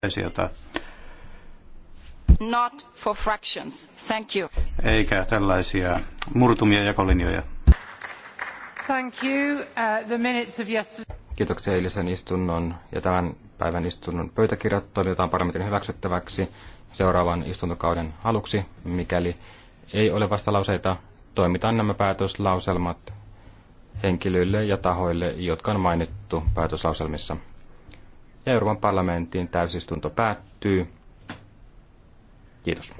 pitäisi jotain. Not for fractions. Thank you. Eikä tällaisia murtumia jakolinjoja. Thank you. Uh, the minutes of yesterday. Kiitoksia eilisen istunnon ja tämän päivän istunnon pöytäkirjat toimitetaan parlamentin hyväksyttäväksi seuraavan istuntokauden aluksi. Mikäli ei ole vastalauseita, toimitaan nämä päätöslauselmat henkilöille ja tahoille, jotka on mainittu päätöslauselmissa. Euroopan parlamentin täysistunto päättyy. Kiitos.